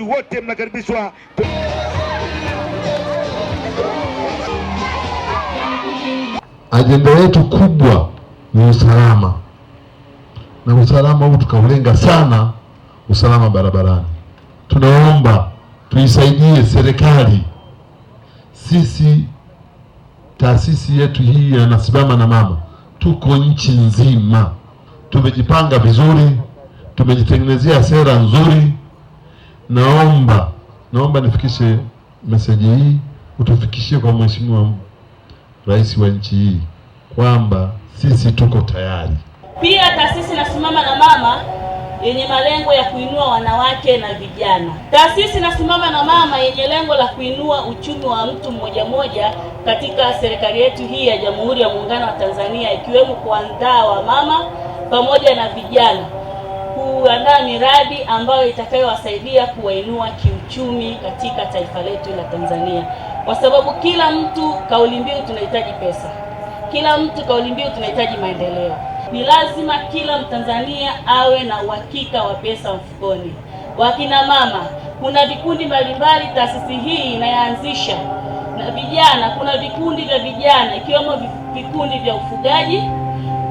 watu wote mnakaribishwa. Ajenda yetu kubwa ni usalama, na usalama huu tukaulenga sana, usalama barabarani. Tunaomba tuisaidie serikali, sisi taasisi yetu hii ya Nasimama na Mama tuko nchi nzima, tumejipanga vizuri, tumejitengenezea sera nzuri naomba naomba nifikishe meseji hii, utufikishie kwa Mheshimiwa Rais wa nchi hii kwamba sisi tuko tayari. Pia taasisi Nasimama na Mama yenye malengo ya kuinua wanawake na vijana. Taasisi Nasimama na Mama yenye lengo la kuinua uchumi wa mtu mmoja mmoja katika serikali yetu hii ya Jamhuri ya Muungano wa Tanzania, ikiwemo kuandaa wamama pamoja na vijana kuandaa miradi ambayo itakayowasaidia kuwainua kiuchumi katika taifa letu la Tanzania, kwa sababu kila mtu kauli mbiu tunahitaji pesa, kila mtu kauli mbiu tunahitaji maendeleo. Ni lazima kila Mtanzania awe na uhakika wa pesa mfukoni. Wakina mama, kuna vikundi mbalimbali taasisi hii inayoanzisha na vijana, kuna vikundi vya vijana ikiwemo vikundi vya ufugaji,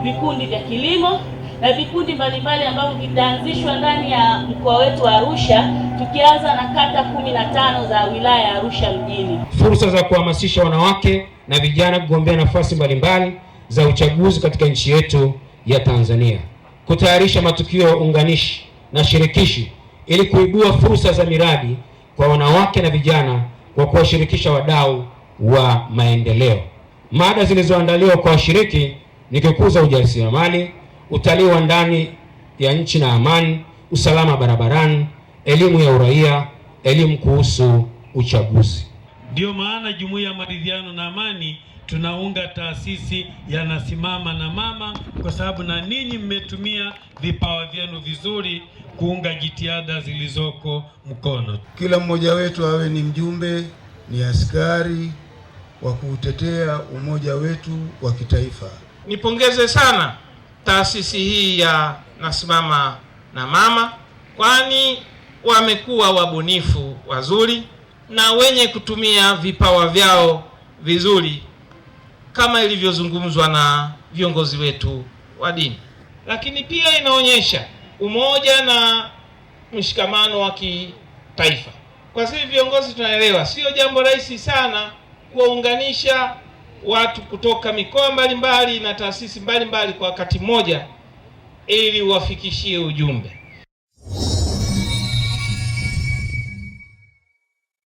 vikundi vya kilimo na e, vikundi mbalimbali ambavyo vitaanzishwa ndani ya mkoa wetu wa Arusha, tukianza na kata kumi na tano za wilaya ya Arusha mjini. Fursa za kuhamasisha wanawake na vijana kugombea nafasi mbalimbali za uchaguzi katika nchi yetu ya Tanzania, kutayarisha matukio ya unganishi na shirikishi ili kuibua fursa za miradi kwa wanawake na vijana kwa kuwashirikisha wadau wa maendeleo. Mada zilizoandaliwa kwa washiriki ni kukuza ujasiriamali utalii wa ndani ya nchi na amani, usalama barabarani, elimu ya uraia, elimu kuhusu uchaguzi. Ndiyo maana Jumuiya ya Maridhiano na Amani tunaunga taasisi yanasimama na Mama kwa sababu na ninyi mmetumia vipawa vyenu vizuri kuunga jitihada zilizoko mkono. Kila mmoja wetu awe ni mjumbe, ni askari wa kuutetea umoja wetu wa kitaifa. Nipongeze sana taasisi hii ya Nasimama na Mama, kwani wamekuwa wabunifu wazuri na wenye kutumia vipawa vyao vizuri kama ilivyozungumzwa na viongozi wetu wa dini. Lakini pia inaonyesha umoja na mshikamano wa kitaifa. Kwa sisi viongozi tunaelewa sio jambo rahisi sana kuwaunganisha watu kutoka mikoa mbalimbali na taasisi mbalimbali kwa wakati mmoja ili wafikishie ujumbe.